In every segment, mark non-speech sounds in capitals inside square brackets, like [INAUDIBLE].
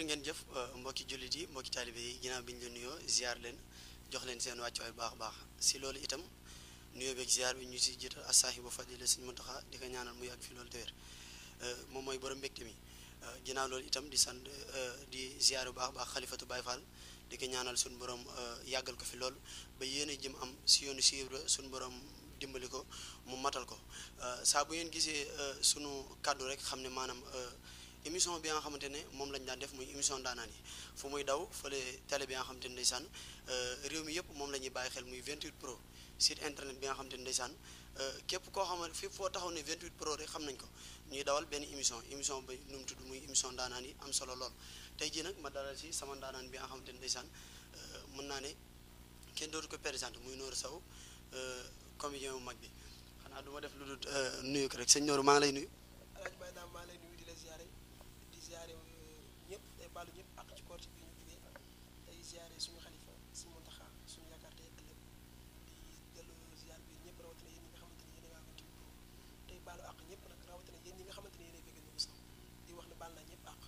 jërë ngeen jëf euh, mbokki jullit yi mbokki taalibe yi ginnaaw bi ñu leen nuyoo ziar jox leen seen wàccuwaay baax baax si loolu itam nuyoo beeg ziar bi ñu si jiital asaahibu fadila Sëriñ Muntaxa di ko ñaanal mu yàgg fi loolu euh, moom mooy borom mbégte mi euh, ginnaaw loolu itam di sant di ziar bu baax baax xalifatu Baay Faal di ñaanal suñu borom yàggal ko fi lool ba yéen a jëm am si yoonu suivre suñ boroom dimbali ko mu matal ko saa bu ngeen gisee sunu kàddu rek xam ne maanaam émission bi nga xamante ne moom lañ daan def muy émission ndaanaan yi fu muy daw fële télé bi nga xamante ne ndeysaan euh, réew mi yëpp moom la ñuy bàyyi xel muy 28 pro site internet bi nga xamante ne ndeysaan euh, képp koo xam ne fépp foo taxaw ne 28 pro rek xam nañ ko ñuy dawal benn émission émission ba nu mu tudd muy émission ndaanaan yi am solo lool tey jii nag ma dalal si sama ndaanaan bi nga xamante ne ndeysaan euh, mun naa ne kenn dootu ko présenté muy Nourou Sow comédien bu mag bi xanaa du ma def lu dul nuyu rek sëñ Nourou maa lay nuyu. baalu ñëpp ak ci koor ci bi ñu jugee tey ziare suñu xalifa si Muntaxa suñu yaakaar tey ëllëg di delloo ziar bi ñëpp rawatina yéen ñi nga xamante ne yéen waa Vingt-Huit ñëpp nag rawatina ñi nga xamante ne yéen sax di wax ne baal naa ñëpp àq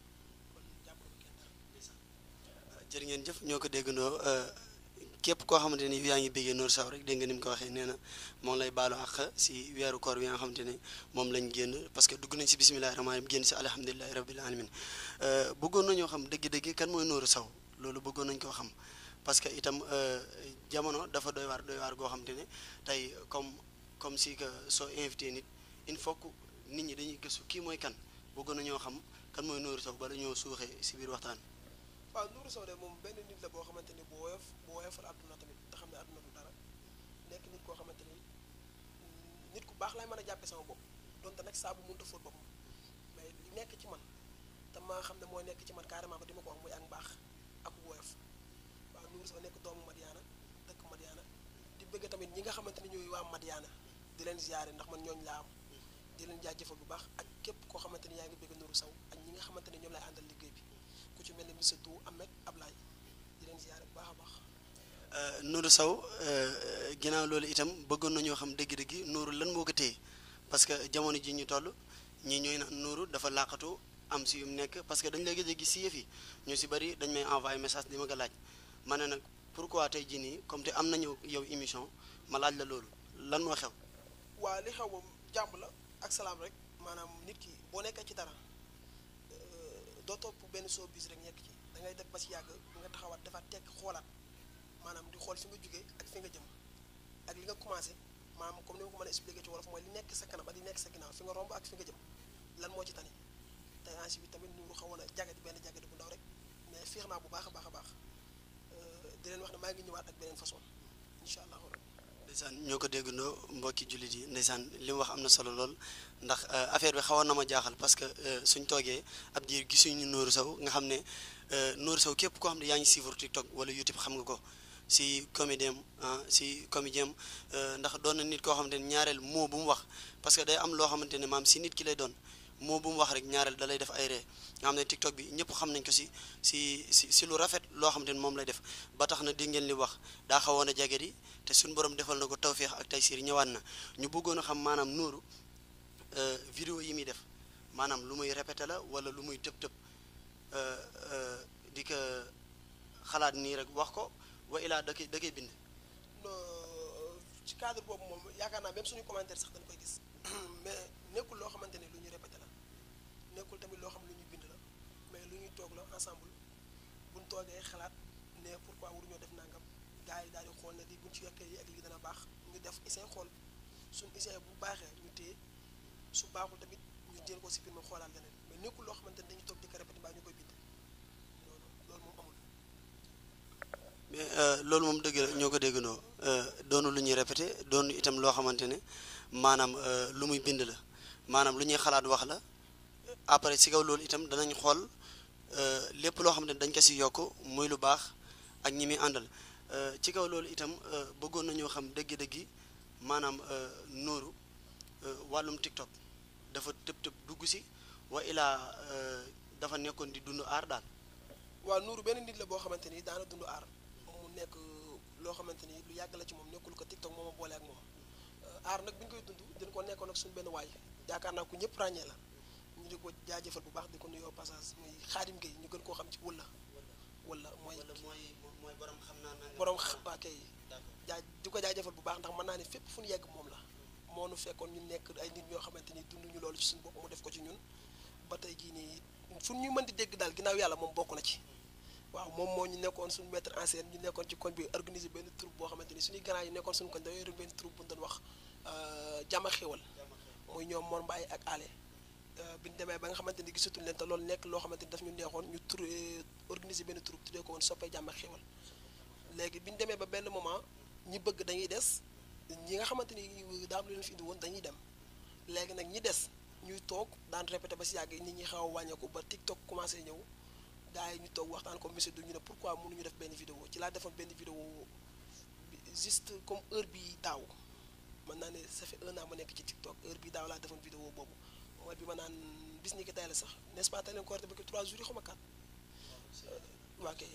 kon jàppale ko kenn dara jërë ngeen jëf ñoo ko déggandoo euh, képp koo xamante ni yaa ngi béggee noor Sow rek dégg nga ni mu ko waxee nee na moom lay baalu àq si weeru koor bi nga xamante ni moom lañ génn parce que dugg nañ si bisimilahi rahmaani rahim génn si alhamdulilahi rabil alamin euh, bëggoon nañoo xam dëgg-dëgg kan mooy Nour saw loolu bëggoon nañ koo xam parce que itam euh, jamono dafa doy waar doy waar goo xamante ne tey comme comme si que soo invité nit il faut que nit ñi dañuy gëstu kii mooy kan bëggoon nañoo xam kan mooy Nour Sow bala ñoo suuxee si biir waxtaan waaw Nourou Sow de moom benn nit la boo xamante ni bu woyof bu woyofal àdduna tamit te xam ne àdduna du dara nekk nit koo xamante ni nit ku baax lay mën a jàppe sama bopp donte nag saabu mënut a fóot boppam mais li nekk ci man te maa xam ne mooy nekk ci man carrément ba di ma ko wax muy ak mbaax ak woyof waaw Nourou Sow nekk doomu Madiana dëkk Madiana di bëgg tamit ñi nga xamante ni ñooy waa Madiana di leen ziare ndax man ñooñu laa am di leen jaajëfal bu baax ak képp koo xamante ni yaa ngi bëgg Nourou Sow ñi nga xamante ni ñoom lay àndal ci mel ne monsieur Tou Ahmed Ablaye di leen ziare bu baax a baax. Euh, Nourou Sow euh, ginnaaw loolu itam bëggoon nañoo xam dëgg-dëgg nuru lan moo ko téye parce que jamono ji ñu toll ñii ñooy naan nuru dafa laqatu am si yu mu nekk parce que dañ léegi gëj a gis si yëf yi ñu si bëri dañ may envoyé message di ma ko laaj ma ne nag pourquoi tey jii nii comme te am ñëw yow émission ma laaj la loolu lan moo xew. waaw li xew moom jàmm la ak salaam rek maanaam nit ki boo nekkee ci dara. doo topp benn soo bis rek nekk ci dangay ngay def ba si yàgg nga taxawaat dafa tekk xoolaat maanaam di xool fi nga jógee ak fi nga jëm ak li nga commencé maanaam comme ni ma ko mën a expliqué ci wolof mooy nekk sa kanam ak li nekk sa ginnaaw fi nga romb jëm lan moo ci tani te ansi bi tamit nuuru xawoon a jagadi benn jagadi bu ndaw rek mais fiix naa bu baax a baax a baax euh, di leen wax ne maa ngi ñëwaat ak beneen façon incha allah ndeysaan ñoo ko dégg déggandoo mbokki jullit yi ndeysaan li mu wax am na solo lool ndax euh, affaire bi xawoon na ma jaaxal parce que euh, suñ toogee ab diir gisuñu Nourou Sow nga xam ne euh, Nourou Sow képp koo xam ne yaa ngi suivre TikTok wala YouTube xam nga ko si comédien ah, si comédien ndax doon na nit koo xamante ne ñaareel moo bu mu wax parce que day am loo xamante ne maam si nit ki lay doon moo bu mu wax rek ñaareel da lay def ay ree nga xam ne TikTok bi ñëpp xam nañ ko si si si si lu rafet loo xam te ne moom lay def ba tax na di ngeen li wax daa xawoon a jage di te suñu borom defal na ko tawféex ak taysiir ñëwaat na ñu bëggoon a xam maanaam nooru euh, vidéo yi muy def maanaam lu muy répété la wala lu muy tëb tëb euh, euh, di ko xalaat nii rek wax ko wa ilaa da bind. ci boobu moom yaakaar naa même suñu commentaire sax dañ koy gis [COUGHS] mais loo xamante ne toog la ensemble buñ toogee xalaat ne pourquoi waruñoo def nangam gars yi daal di xool ne lii buñ ci yokkee lii ak lii dana baax ñu def essai xool suñ essai bu baaxee ñu téye su baaxul tamit ñu jël ko supprimer xoolaat leneen mais nekkul loo xamante ne dañu toog di ko répété mbaa ñu koy loolu euh, loolu moom dëgg la ñoo ko déggandoo euh, doonu lu ñuy répété doonu itam loo xamante ne maanaam euh, lu muy bind la maanaam lu ñuy xalaat wax la après si kaw loolu itam danañ xool. Euh, lépp loo xam ne dañ ka si yokk muy lu baax ak ñi muy àndal euh, ci kaw loolu itam euh, bëggoon nañoo xam dëgg-dëggi maanaam nooru wàllum TikTok dafa tëb tëb dugg si wa ilaa dafa nekkoon di dund aar daal. waaw nooru benn nit la boo xamante nii daana dund aar mu nekk loo xamante ni lu yàgg la ci moom nekkul ko TikTok moom a boole ak moom aar nag bi ñu koy dund dañ koo nekkoon ak suñu benn waay yaakaar naa ko ñëpp ràññee la. di ko jaajëfal bu baax di ko nuyoo passage muy Xaadim Gueye ñu gën koo xam ci wala wala mooy mooy borom xam naa ne borom waa jaa di ko jaajëfal bu baax ndax mën naa ne fépp fu ñu yegg moom la moo nu fekkoon ñu nekk ay nit ñoo xamante ni dunduñu loolu ci suñu bopp mu def ko ci ñun ba tey jii nii fu ñu mën di dégg daal ginnaaw yàlla moom bokk na ci waaw moom moo ñu nekkoon suñu mettre en ñu nekkoon ci koñ bi organiser benn troupe boo xamante ni suñuy grand yi nekkoon suñu koñ dañoo yor benn troupe bu ñu doon wax euh, jàmm xéwal muy ñoom Mor ak Ale Euh, bi ñu demee ba nga xamante ni gisatul leen te loolu nekk loo xamante ni daf ñu neexoon ñu tur euh, organiser benn troupe tuddee ko woon soppee jàmm ak xéwal léegi bi demee ba benn moment ñi bëgg dañuy des ñi nga xamante ni daam lu leen fi indi woon dañuy dem léegi nag ñi des ñuy toog daan répété ba si yàgg nit ñi xaw a wàññeeku ba TikTok commencé ñëw gars yi ñu toog waxtaan ko monsieur du ñu ne pourquoi mënuñu def benn vidéo ci laa defoon benn vidéo juste comme heure bi daaw mën naa ne ça fait un an ma nekk ci TikTok heure bi daaw laa defoon vidéo boobu mooy bi ma naan bis ñi ki tey la sax n'est-ce pas tey leen ko war a def 3 jours yi xaw ma 4. Euh, kay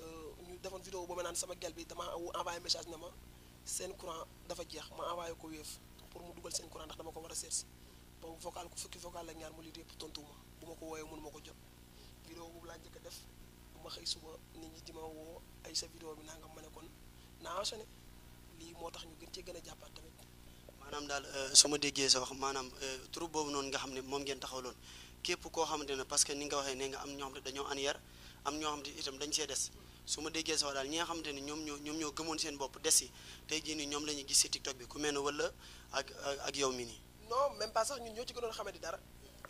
euh, ñu defoon vidéo ba ma naan sama gel bi dama envoyé message ne ma seen courant dafa jeex ma envoyé ko wéef pour mu dugal seen courant ndax dama ko war a seet si boobu vocal ku fukki vocal la ñaar mu lii yëpp tontu ma bu ma ko woowee mënu ma ko jot. vidéo boobu laa njëkk def ma xëy suba nit ñi di ma woo ay sa vidéo bi nangam ma ne kon naa enchaîné lii moo tax ñu gën cee gën a jàppaat tamit. maanaam daal euh, su ma déggee sa wax maanaam euh, troupe boobu noonu nga xam ne moom ngeen taxawloon képp koo xamante ne parce que ni nga waxee ne nga am ñoo xam ne dañoo anière dañ see des su ma déggee sa wax daal ñi xamante ne ñoom ñoo gëmoon seen bopp des yi tey jii ñoom la gis si TikTok bi ku mel ne ak ak yow mi nii. non même sax ñoo ci gënoon xamante dara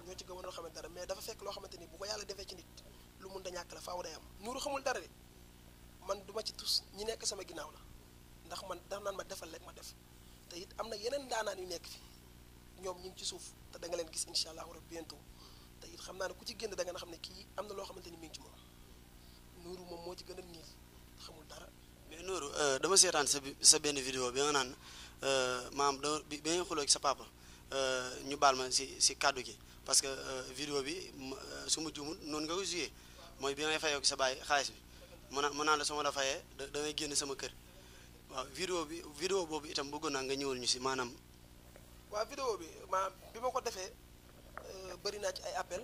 ñoo ci gënoon xamante dara mais dafa fekk loo xamante ni bu ko yàlla defee ci nit lu mun da ñàkk nekk sama ginnaaw la ndaanaan yu nekk fi ñoom ñu ci suuf te da leen gis incha allahu rabbi bientôt te it xam naa ne ku ci génn danga nga xam ne kii am na loo xamante ni mi ngi ci moom Nuuru moom moo ci gën a niil xamul dara. mais euh, dama seetaan sa sa benn vidéo bi nga naan euh, maam da bi bi nga xuloo ak sa papa euh, ñu baal ma si si kàddu gi parce que vidéo bi su ma juumul noonu nga ko joué mooy bi ngay fayoo sa baay xaalis bi mu naa mu naa la sama la fayee da génn sama kër waaw vidéo bi vidéo boobu itam bëggoon naa nga ñëwal ñu si maanaam. waaw vidéo bi ma bi ma ko defee euh, bëri naa ci ay appel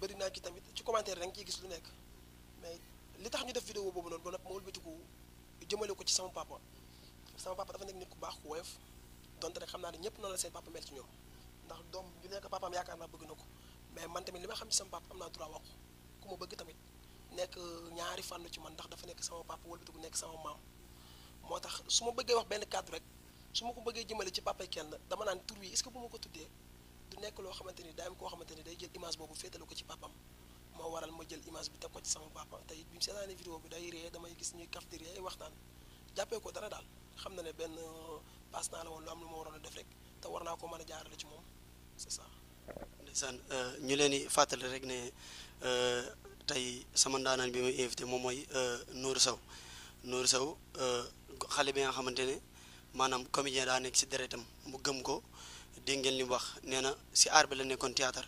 bëri naa ci tamit ci commentaire da nga ciy gis lu nekk mais li tax ñu def vidéo boobu noonu ba nag ma wëlbatiku jëmale ko ci sama papa sama papa dafa nekk nit ku baax ku woyof donte rek xam naa ne ñëpp noonu la seen papa mel ci ñoom ndax doom bi nekk papaam yaakaar naa bëgg na ko mais man tamit li ma xam ci sama papa am naa droit wax ku ma bëgg tamit nekk ñaari fànn ci man ndax dafa nekk sama papa wëlbatiku nekk sama maam moo tax su ma bëggee wax benn kàddu rek su ma ko bëggee jëmale ci papay kenn dama naan tur wi est-ce que bu ma ko tuddee du nekk loo xamante ni daa am koo xamante ni day jël image boobu féetale ko ci papam moo waral ma jël image bi teg ko ci sama papa te it bi mu seetaanee vidéo bi day ree damay gis ñuy kaf di ree ay waxtaan jàppee ko dara daal xam na ne benn euh, paas naa la woon lu am lu ma waroon a def rek te war naa ko mën a jaarale ci moom c'est ça. ndeysaan euh, ñu leen di fàttali rek ne euh, tey sama ndaanaan bi muy invité moom mooy Nour Sow Nour Sow xale bi nga xamante ne. maanaam comédien daa nekk si deretam mu gëm ko dégg ngeen li wax nee na si aar bi la nekkoon théâtre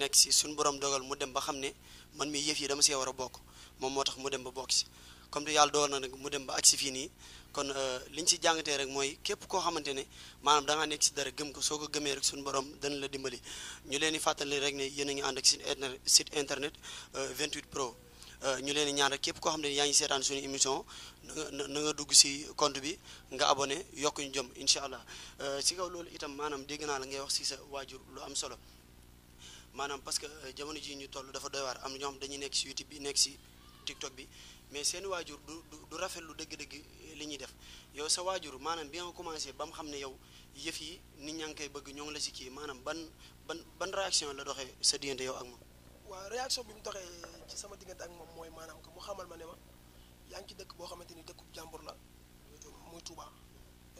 nekk si suñu borom dogal mu dem ba xam ne man mi yëf yi dama see war a bokk moom moo tax mu dem ba bokk si comme te yàlla dogal na nag mu dem ba ak agsi fii nii kon li ñu si jàngatee rek mooy képp koo xamante ne maanaam da nekk si dara gëm ko soo ko gëmee rek suñu borom dana la dimbali ñu leen di fàttali rek ne yéen ñu ànd ak site internet 28 euh, pro Euh, ñu leen di ñaanal képp koo xam ne yaa ngi seetaan suñu émission na nga dugg si compte bi nga abone yokk ñu jëm incha allah si euh, kaw loolu itam maanaam dégg naa la ngay wax si sa waajur lu am solo maanaam parce que euh, jamono ji ñu toll dafa doy waar am na ñoo xam dañu nekk si YouTube bi nekk si TikTok bi mais seen waajur du du rafetlu dëgg-dëgg li ñuy def yow sa waajur maanaam bi nga commencé ba mu xam ne yow yëf yi nit ñaa ngi koy bëgg ñoo ngi la si kii maanaam ban ban ban réaction la doxee sa diggante yow ak moom. waaw bi mu doxee ci sama diggante ak moom mooy maanaam que mu xamal ma ne ma yaa ngi ci dëkk boo xamante ni dëkkub jàmbur la muy Touba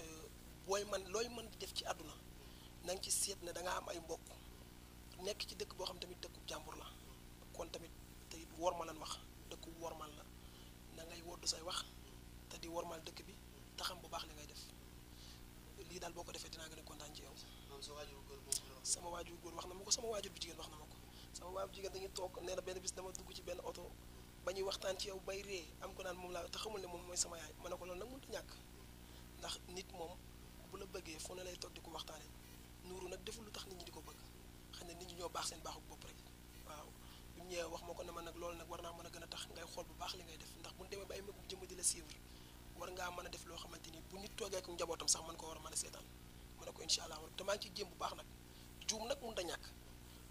euh, booy man looy mën di def ci àdduna na nga ci seet ne da nga am ay mbokk nekk ci dëkk boo xam tamit dëkkub jàmbur la kon tamit te it worma lan wax dëkkub wormal la nangay ngay wodd say wax te di wormal dëkk bi te xam bu baax li ngay def lii daal boo ko defee dinaa gën a kontaan ci yow. sama waajur góor wax na ma ko sama waajur bu jigéen wax na sama waay bu jigéen dañuy toog nee na benn bis dama dugg ci benn oto ba ñuy waxtaan ci yow bay ree am ko naan moom laa te xamul ne moom mooy sama yaay ma ko loolu nag mënut ndax nit moom bu la bëggee fu ne lay toog di ko waxtaane nuuru nag deful tax nit ñi di ko bëgg xam ne nit ñi ñoo baax seen baaxu bopp rek waaw bi wax ma ko ne ma nag loolu nag war naa mën a gën a tax ngay xool bu baax li ngay def ndax bu ñu demee ba ay mag bu jëmm di la suivre war a def loo xamante ni bu nit toogee ak njabootam sax mën ko war a mën a seetaan ma ko incha allah te maa jéem bu baax nag juum nag mënut a ñàkk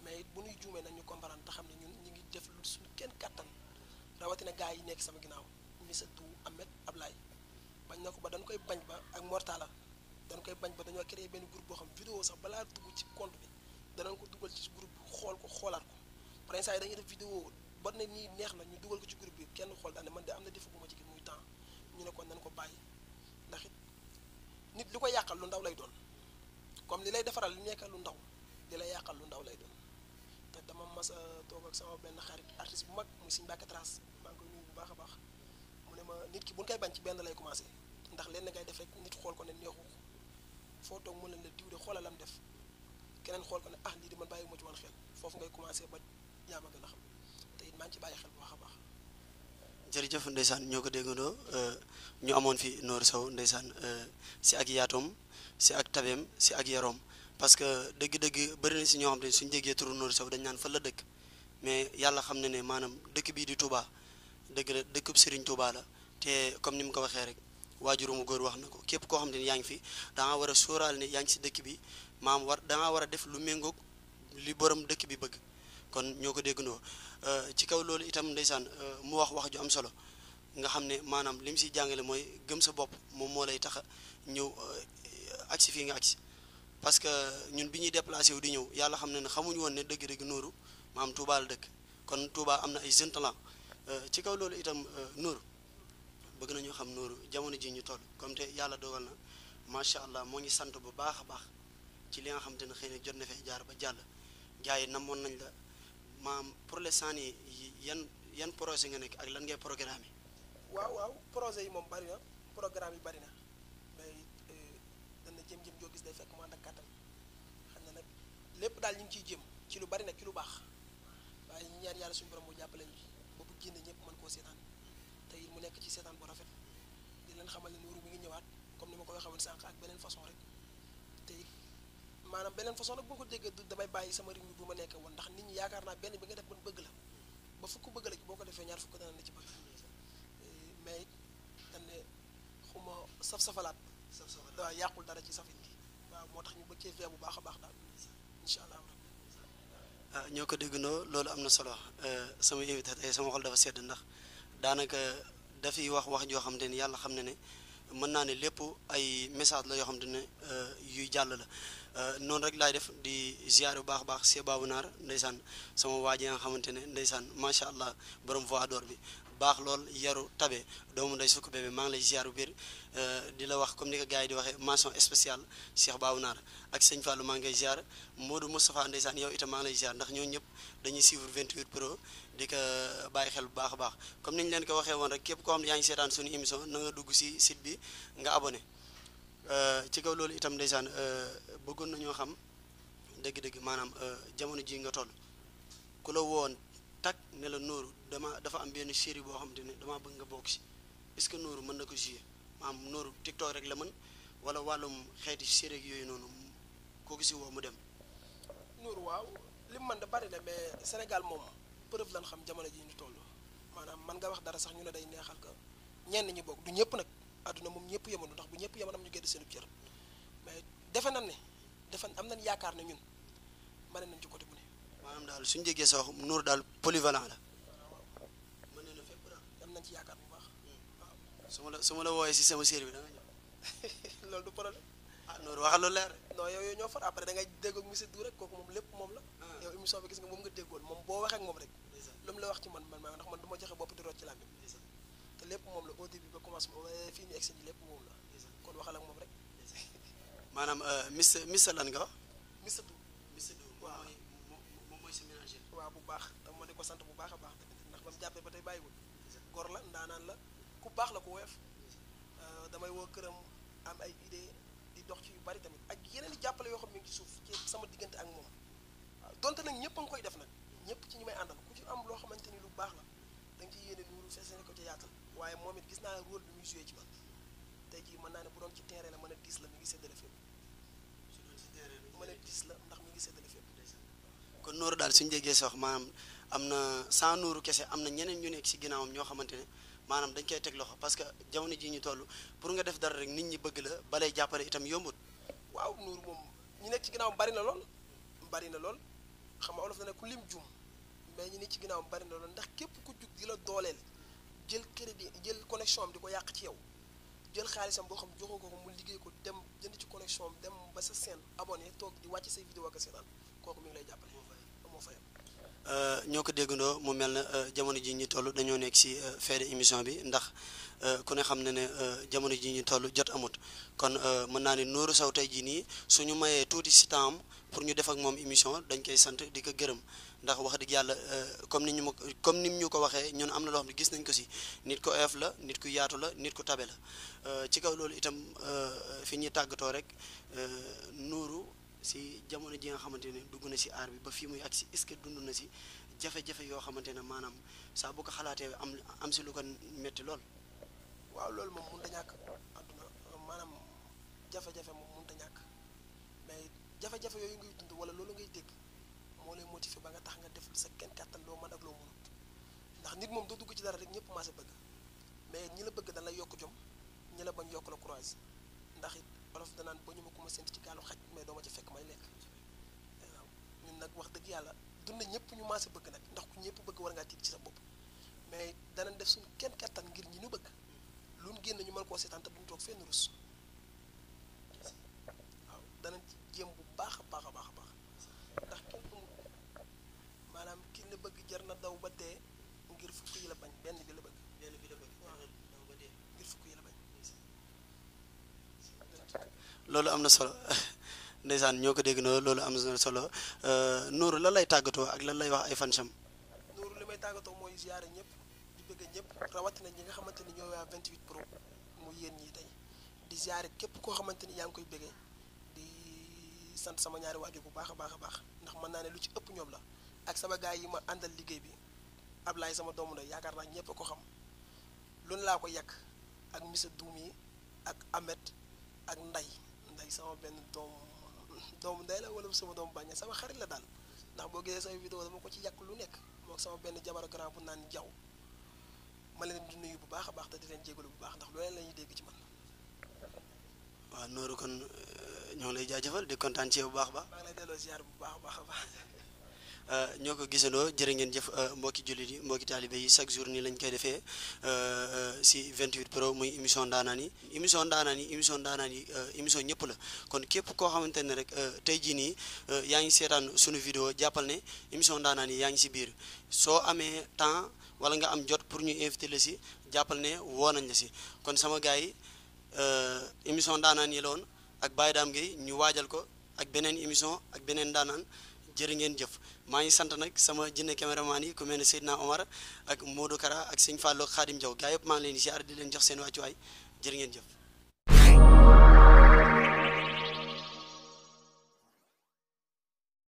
mais it bu nuy juumee nañ ñu comprendre te xam ne ñun ñu ngi def lu suñu kenn kàttan rawatina gars yi nekk sama ginnaaw Missatou Ahmed Ablaye bañ na ko ba dañ koy bañ ba ak Mortala dañ koy bañ ba dañoo créé benn groupe boo xam vidéo sax balaa dugg ci compte bi ko dugal ci groupe bi xool ko xoolaat ko par exemple vidéo ba ne nii neex na ñu dugal ko ci groupe bi kenn xool daal ne man de am na defu bu ma ci gis muy temps ñu ne kon nañ ko bàyyi ndax it nit li ko yàqal lu ndaw lay doon comme li lay defaral li nekkal lu ndaw li lay yàqal lu ndaw lay doon dama mas a euh, toog ak sama benn xarit artiste bu mag muy Serigne Mbacké Trace maa ngi koy nuyu bu baax a baax mu ne ma nit ki bu ñu bañ ci benn lay commencé ndax lenn ngay def rek nit xool ko ne neexu foo toog mën leen la diw de xoolalam def keneen xool ko ne ah lii di man bàyyi ma ci woon xel foofu ngay commencé ba yaa ma gën xam te it maa ci bàyyi xel bu baax a baax. jërëjëf ndeysaan ñoo ko déggandoo euh, ñu amoon fi Noor Sow ndeysaan euh, si ak yaatoom si ak tabeem si ak yaroom. parce que dëgg-dëgg bëri si ñoo xam te suñ déggee turu Nourou saw dañ naan fa la dëkk mais yàlla xam na ne maanaam dëkk bii di Touba dëgg la dëkkub Serigne Touba la te comme ni mu ko waxee rek waajuru mu góor wax na ko képp koo xam ne yaa ngi fi dangaa war a sóoraal ne yaa ngi si dëkk bi maam war dangaa war a def lu méngoog li borom dëkk bi bëgg kon ñoo ko déggandoo euh, ci kaw loolu itam ndeysaan euh, mu wax wax ju am solo nga xam ne maanaam li mu siy jàngale mooy gëm sa bopp moom moo lay tax a ñëw euh, agsi fii nga agsi parce que ñun bi ñuy déplacé wu di ñëw yàlla xam na ne xamuñu woon ne dëgg-dëgg Nooru maam Touba dëkk kon Touba am na ay jeunes talents euh, ci kaw loolu itam euh, Nooru bëgg nañoo xam Nooru jamono ji ñu toll comme te yàlla dogal na macha allah moo ngi sant bu baax a baax ci li nga xam te ne xëy na jot na fee jaar ba jàll gars yi moon nañ la maam pour le l'instant nii yan yan projet nga nekk ak lan ngay programme waaw waaw projet yi moom bari na yi bari ne jëm-jëm joo gis day fekk mu ànd ak kàttan xam ne nag lépp daal ñu ngi ciy jëm ci lu bari nag ci lu baax waaye ñu ñaan yàlla suñu borom mu jàppale ñu ba bu génne ñëpp man koo seetaan te it mu nekk ci seetaan bu rafet di leen xamal leen wóoru mi ñëwaat comme ni ma ko waxee woon ak beneen façon rek te maanaam beneen façon nag bu ko déggee du damay bàyyi sama rythme bu ma nekkee woon ndax nit ñi yaakaar naa benn bi nga def man bëgg la ba fukk bëgg la boo ko defee ñaar fukk dana la ci bëgg eh, mais it dañ ne xuma saf-safalaat saf safal waaw yàqul dara ci safin waaw moo tax ñu bëgg cee fee bu baax a baax daal incha allah ah, ñoo ko déggandoo loolu am na solo eh, sama invité tey sama xol dafa sedd ndax daanaka dafiy wax wax joo xam te ni yàlla xam ne ne mën naa ne lépp ay message la yoo xam te ne eh, yuy jàll la eh, noonu rek laay def di ziar bu baax baax see baabu naar ndeysaan sama waa ji nga xamante ne ndeysaan macha allah borom voix bi baax lool yaru tabe doomu nday sukk bébé maa ngi lay ziaru biir euh, di la wax comme ni ko gars yi di waxee mention spéciale Cheikh Babou Naar ak sëñ Fallou maa ngi lay ziar Modou Moustapha ndeysaan yow itam maa ngi lay ziar ndax ñoo ñëpp dañuy suivre 28 pro di ko bàyyi xel bu baax a baax comme niñ leen ko waxee woon rek képp koo xam ne yaa ngi seetaan suñu émission na bi nga abonné euh, ci kaw loolu itam ndeysaan euh, bëggoon na ñoo xam dëgg-dëgg maanaam jamono ji nga tool ku la woon tag ne la nooru dama dafa am benn série boo xam te ne damaa bëgg nga bokk si est-ce que nooru mën na ko jouer maanaam nooru TikTok rek la mën wala wàllum xeeti série ak yooyu noonu kooku si woo mu dem. nooru waaw li mu mën da bari la mais Sénégal moom preuve lan xam jamono ji ñu toll maanaam man nga wax dara sax ñu ne day neexal ko ñenn ñi bokk du ñëpp nag àdduna moom ñëpp yemoon ndax bu ñëpp yemoon am ñu gëdd seen cër mais defe nañ ne defe am nañ yaakaar ne ñun mën maanaam daal suñu déggee sa wax Nour daal polyvalent la mën nañu fépp daal dem nañ ci yaakaar bu baax hmm. su ma la su ma la wooyee si sama série bi da [LAUGHS] loolu du problème ah Nour waxal lu leer non yow yooyu ñoo far après da ngay déggoo ak monsieur rek kooku moom lépp moom la ah. yow émission bi gis nga moom nga déggoon moom boo waxee ak moom rek lu mu la wax ci man man maa ndax man du ma joxe bopp di root ci làmmiñ te lépp moom la au début ba fii ñu egg si lépp moom la kon waxal ak moom rek maanaam Miss euh, Miss lan nga Miss Dou Tuubaa bu baax te ma di ko sant bu baax a baax tamit ndax ba mu jàppee ba tey bàyyiwul gor la ndaanaan la ku baax la ku woyof euh, damay woo këram am ay idée di dox ci yu bari tamit ak yeneen i jàppale yoo xam ne ngi ci suuf ci sama diggante ak moom waaw donte nag ñëpp a koy def nag ñëpp ci ñi may àndal ku ci am loo xamante ni lu baax la da nga ciy yéene nuuru feesene ko ca yaatal waaye moom it gis naa rôle bi muy joué ci man tey jii mën naa ne bu doon ci terrain la mën a diis la mi ngi séddale fépp mën a diis la ndax mi ngi séddale kon nooru daal suñu déggee sax maanaam am na sans nooru kese am na ñeneen ñu nekk ci ginnaawam ñoo xamante ne maanaam dañ koy teg loxo parce que jamono ji ñu toll pour nga def dara rek nit ñi bëgg la balay jàppale itam yombut. waaw nooru moom ñu nekk ci ginnaawam bari na lool bari na lool xam nga olof na ne ku lim juum mais ñu nekk ci ginnaawam bari na lool ndax képp ku jug di la dooleel jël crédit jël connexion am di ko yàq ci yow jël xaalisam boo xam joxoo ko mu liggéey ko dem jënd ci connexion am dem ba sa seen abonné toog di wàcc say vidéo a kooku mi ngi jàppale. Euh, ñoo ko déggandoo mu mel na euh, jamono ji ñu toll dañoo nekk ci euh, feede émission bi ndax ku ne xam ne ne jamono ji ñu toll jot amut kon mën naa ne Nourou saw tey jii nii suñu mayee tuuti si temps pour ñu def ak moom émission dañ koy sant di ko gërëm ndax wax dëgg yàlla comme ni ñu ma comme ni ñu ko waxee ñun am na loo xam ne gis nañ ko si nit ku oyof la nit ku yaatu la nit ku tabe la ci kaw loolu itam fi ñu tàggatoo rek Nourou si jamono ji nga xamante ne dugg na si aar bi ba fii muy agsi si ce que dund na si jafe-jafe yoo xamante ne maanaam saa bu ko xalaatee am am si lu ko métti lool. waaw loolu moom mënut a ñàkk adduna maanaam jafe-jafe moom mënut a mais jafe yooyu ngay dund wala loolu ngay dégg moo lay motivé ba nga tax nga def sa kenn kàttan loo mën ak loo mënut ndax nit moom doo dugg ci dara rek ñëpp maase bëgg mais ñi la bëgg dañ yokk jom ñi la bañ yokk la courage ndax it olof danaan ba ñu ma ko ma sént ci gaalu xaj mais doo ma ci fekk may lekk waaw ñun nag wax dëgg yàlla dund ñëpp ñu maase bëgg nag ndax ku ñëpp bëgg war ngaa tiit ci sa bopp mais danañ def suñu kenn kattan ngir ñi ñu bëgg lu ñu génn ñu mën koo seetaan te duñ toog fenn rus waaw danañ ci jéem bu baax a baax a baax a baax ndax kenn ku maanaam ki la bëgg jar na daw ba dee ngir fukk yi la bañ benn bi la bëgg. benn bi la bëgg ngir fukk yi la bañ. loolu am na solo [LAUGHS] ndeysaan ñoo ko dégg no loolu am na solo euh, Nourou lan lay tàggatoo ak lan lay wax ay fansam. Nourou li may tàggatoo mooy ziare ñëpp di bëgg ñëpp rawatina ñi nga xamante ni ñooy waa 28 pro mu yéen ñi tey di ziare képp koo xamante ni yaa ngi koy bëggee di sant sama ñaari waajur bu baax a baax a baax ndax mën naa ne lu ci ëpp ñoom la ak sama gars yi ma àndal liggéey bi laay sama doomu la yaakaar naa ñëpp a ko xam loolu laa ko yàq ak Missa Doum yi ak Ahmed. ak nday nday sama benn doomu doomu nday la wala suma doom bàññe sama xarit la daal ndax boo gisee sama vidéo dama ko ci yàq lu nekk moom sama benn jabar grand bu naan jaw ma leen di nuyu bu baax a baax te di leen jégalu bu baax ndax lu lañuy dégg ci man. waaw Nooru kon euh, ñoo ngi lay jaajëfal di kontaan ci yow bu baax a baax. maa delloo ziar bu baax a baax a baax. Euh, ñoo ko gisandoo jërë ngeen jëf euh, mbokki julli yi mbokki taalibe yi chaque jour nii lañ koy defee euh, si 28 pro muy émission ndaanaan yi émission ndaanaan yi émission ndaanaan émission ñëpp la kon képp koo xamante ne rek tey jii nii yaa ngi seetaan suñu video jàppal ne émission ndaanaan yi yaa ngi si biir soo amee temps wala nga am jot pour ñu invité la si jàppal ne woo nañ la si kon sama gars yi émission ndaanaan yi la woon ak Baye Dame Gueye ñu waajal ko ak beneen émission ak beneen ndaanaan jërë ngeen jëf maa ngi sant nag sama jinne caméraman yi ku mel ne na Omar ak Modou Kara ak Sëñ Fallou Khadim Diaw gaa yëpp maa ngi leen di ziar di leen jox seen wàccuwaay jërë ngeen jëf